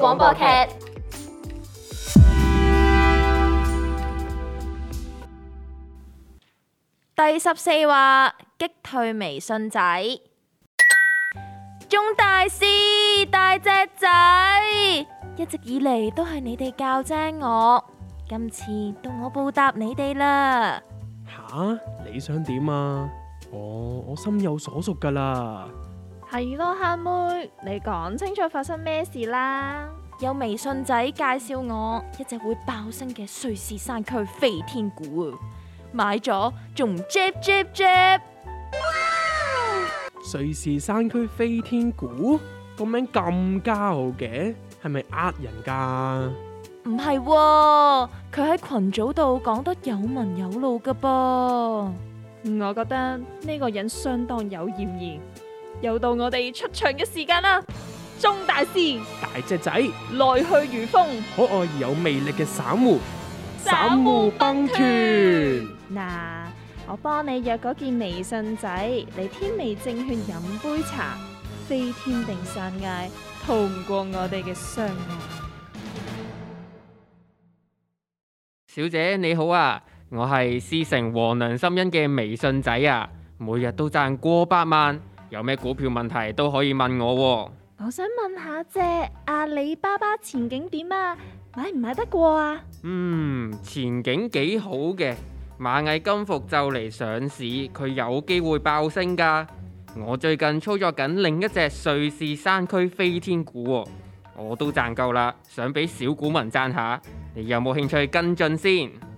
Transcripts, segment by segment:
廣播劇，第十四話擊退微信仔，鐘大師大隻仔，一直以嚟都係你哋教精我，今次到我報答你哋啦。吓、啊，你想點啊？我我心有所屬噶啦。係咯，蝦妹，你講清楚發生咩事啦？有微信仔介紹我一隻會爆聲嘅瑞士山區飛天股，買咗仲唔接接接？啪啪啪啪，瑞士山區飛天股個名咁驕傲嘅，係咪呃人噶？唔係啊，佢喺群組度講得有文有路噶噃。我覺得呢個人相當有嫌疑。又到我哋出場嘅時間啦，鍾大師，大隻仔，來去如風，可愛而有魅力嘅散戶，散戶乓團。嗱，我幫你約嗰件微信仔嚟添味證券飲杯茶，飛天定山崖逃唔過我哋嘅雙眼。小姐你好啊，我係思成和梁心恩嘅微信仔啊，每日都賺過百萬。有咩股票問題都可以問我。我想問下隻阿里巴巴前景點啊？買唔買得過啊？嗯，前景幾好嘅，螞蟻金服就嚟上市，佢有機會爆升噶。我最近操作緊另一隻瑞士山區飛天股，我都賺夠啦，想俾小股民賺下，你有冇興趣跟進先？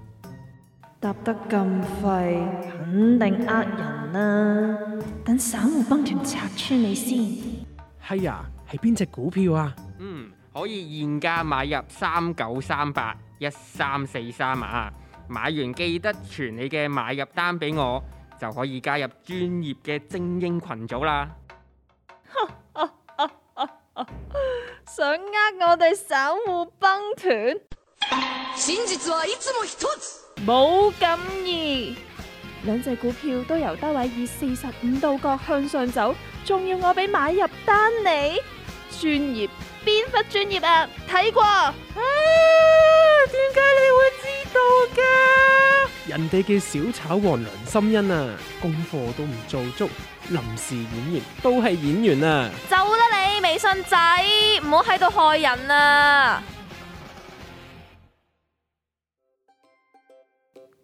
答得咁廢，肯定呃人啦！等散戶乓團拆穿你先。係啊，係邊隻股票啊？嗯，可以現價買入三九三八一三四三啊。買完記得傳你嘅買入單俾我，就可以加入專業嘅精英群組啦。 想呃我哋散戶乓團？冇咁易，兩隻股票都由低位以四十五度角向上走，仲要我俾買入單你？專業邊忽專業啊？睇過啊？點解你會知道㗎？人哋叫小炒王梁心恩啊，功課都唔做足，臨時演員都係演員啊！走啦你，微信仔，唔好喺度害人啊！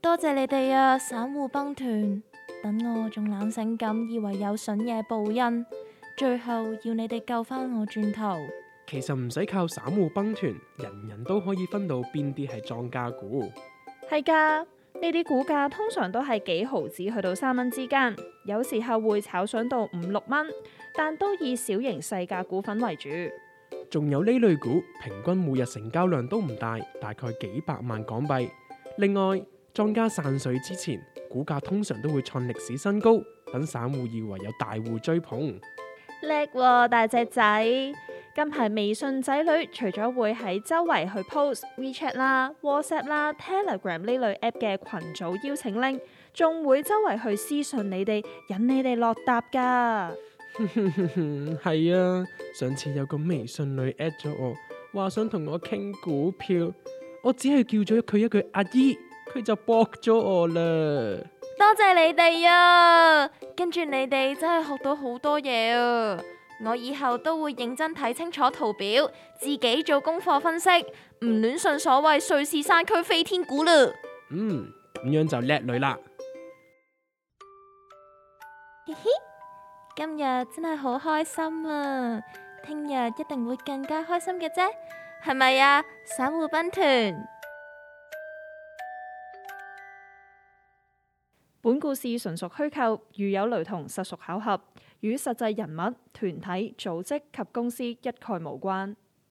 多謝你哋啊！散戶崩團，等我仲懶醒咁，以為有笋嘢報恩，最後要你哋救翻我轉頭。其實唔使靠散戶崩團，人人都可以分到邊啲係莊家股。係噶，呢啲股價通常都係幾毫子去到三蚊之間，有時候會炒上到五六蚊，但都以小型細價股份為主。仲有呢類股，平均每日成交量都唔大，大概幾百萬港幣。另外。莊家散水之前，股價通常都會創歷史新高。等散戶以為有大戶追捧，叻、啊、大隻仔。近排微信仔女除咗會喺周圍去 post WeChat 啦、啊、WhatsApp 啦、啊、Telegram 呢類 app 嘅群組邀請令，仲會周圍去私信你哋，引你哋落搭㗎。係 啊，上次有個微信女 at 咗我，話想同我傾股票，我只係叫咗佢一,一句阿姨。佢就駁咗我啦！多謝你哋啊，跟住你哋真係學到好多嘢啊！我以後都會認真睇清楚圖表，自己做功課分析，唔亂信所謂瑞士山區飛天股啦。嗯，咁樣就叻女啦！嘻嘻，今日真係好開心啊！聽日一定會更加開心嘅啫，係咪啊？散戶乓團。本故事純屬虛構，如有雷同，實屬巧合，與實際人物、團體、組織及公司一概無關。